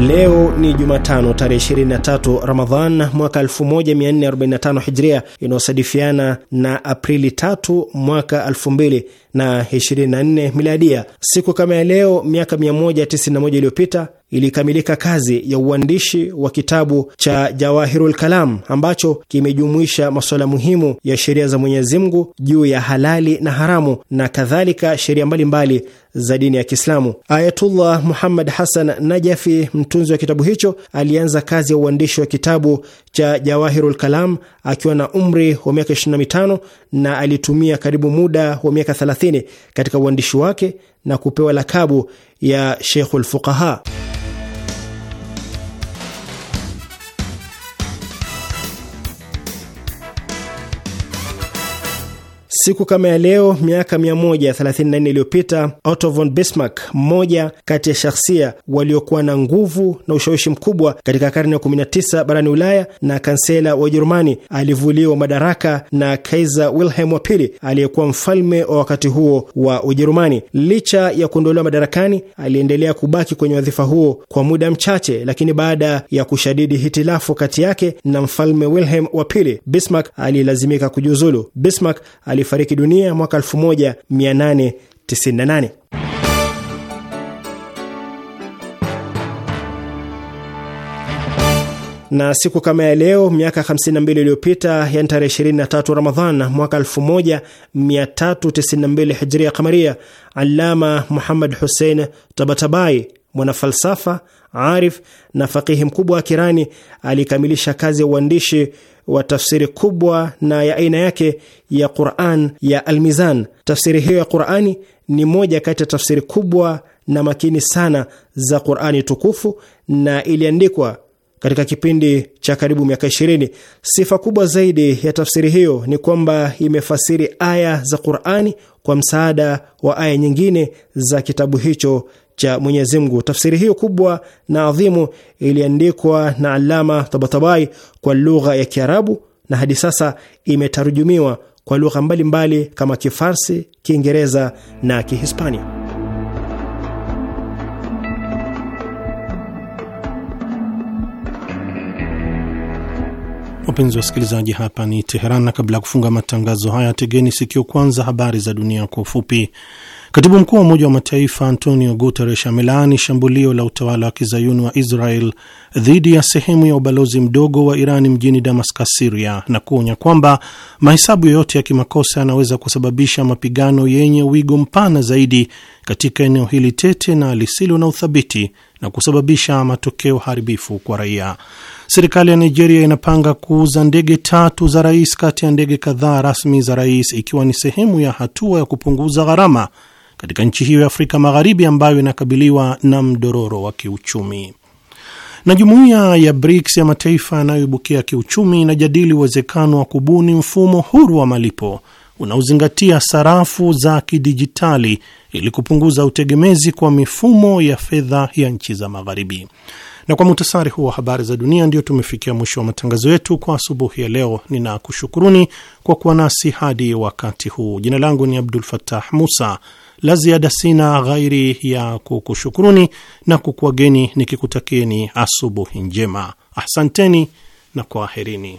Leo ni Jumatano tarehe 23 Ramadhan mwaka 1445 Hijria, inayosadifiana na Aprili 3 mwaka 2024 Miladia. Siku kama ya leo miaka 191 iliyopita ilikamilika kazi ya uandishi wa kitabu cha Jawahirul Kalam ambacho kimejumuisha masuala muhimu ya sheria za Mwenyezi Mungu juu ya halali na haramu na kadhalika sheria mbalimbali za dini ya Kiislamu. Ayatullah Muhammad Hassan Najafi, mtunzi wa kitabu hicho, alianza kazi ya uandishi wa kitabu cha Jawahirul Kalam akiwa na umri wa miaka 25 na alitumia karibu muda wa miaka 30 katika uandishi wake na kupewa lakabu يا شيخ الفقهاء Siku kama ya leo miaka 134 iliyopita Otto von Bismarck, mmoja kati ya shahsia waliokuwa na nguvu na ushawishi mkubwa katika karne ya 19 barani Ulaya na kansela wa Ujerumani, alivuliwa madaraka na Kaiser Wilhelm wa pili aliyekuwa mfalme wa wakati huo wa Ujerumani. Licha ya kuondolewa madarakani, aliendelea kubaki kwenye wadhifa huo kwa muda mchache, lakini baada ya kushadidi hitilafu kati yake na mfalme Wilhelm wa pili, Bismarck alilazimika kujiuzulu. Bismarck ali alifariki dunia mwaka 1898. na siku kama ya leo miaka 52 iliyopita, yani tarehe 23 Ramadhan mwaka 1392 hijria kamaria, alama Muhammad Hussein Tabatabai, mwanafalsafa arif na fakihi mkubwa wa Kirani, alikamilisha kazi ya uandishi wa tafsiri kubwa na ya aina yake ya Quran ya Almizan. Tafsiri hiyo ya Qurani ni moja kati ya tafsiri kubwa na makini sana za Qurani tukufu na iliandikwa katika kipindi cha karibu miaka 20. Sifa kubwa zaidi ya tafsiri hiyo ni kwamba imefasiri aya za Qurani kwa msaada wa aya nyingine za kitabu hicho cha Mwenyezi Mungu. Tafsiri hiyo kubwa na adhimu iliandikwa na alama Tabatabai kwa lugha ya Kiarabu na hadi sasa imetarujumiwa kwa lugha mbalimbali kama Kifarsi, Kiingereza na Kihispania. Wapenzi wasikilizaji, hapa ni Teheran, na kabla ya kufunga matangazo haya, tegeni sikio kwanza habari za dunia kwa ufupi. Katibu mkuu wa Umoja wa Mataifa Antonio Guterres amelaani shambulio la utawala wa kizayuni wa Israel dhidi ya sehemu ya ubalozi mdogo wa Irani mjini Damascus, Siria, na kuonya kwamba mahesabu yoyote ya kimakosa yanaweza kusababisha mapigano yenye wigo mpana zaidi katika eneo hili tete na lisilo na uthabiti na kusababisha matokeo haribifu kwa raia. Serikali ya Nigeria inapanga kuuza ndege tatu za rais kati ya ndege kadhaa rasmi za rais, ikiwa ni sehemu ya hatua ya kupunguza gharama katika nchi hiyo ya Afrika Magharibi ambayo inakabiliwa na mdororo wa kiuchumi. Na jumuiya ya BRICS ya mataifa yanayoibukia kiuchumi inajadili uwezekano wa kubuni mfumo huru wa malipo unaozingatia sarafu za kidijitali ili kupunguza utegemezi kwa mifumo ya fedha ya nchi za Magharibi. Na kwa muhtasari huu wa habari za dunia, ndio tumefikia mwisho wa matangazo yetu kwa asubuhi ya leo. Ninakushukuruni kwa kuwa nasi hadi wakati huu. Jina langu ni Abdul fatah Musa la ziada sina ghairi ya kukushukuruni na kukuageni nikikutakieni asubuhi njema. Asanteni na kwaherini.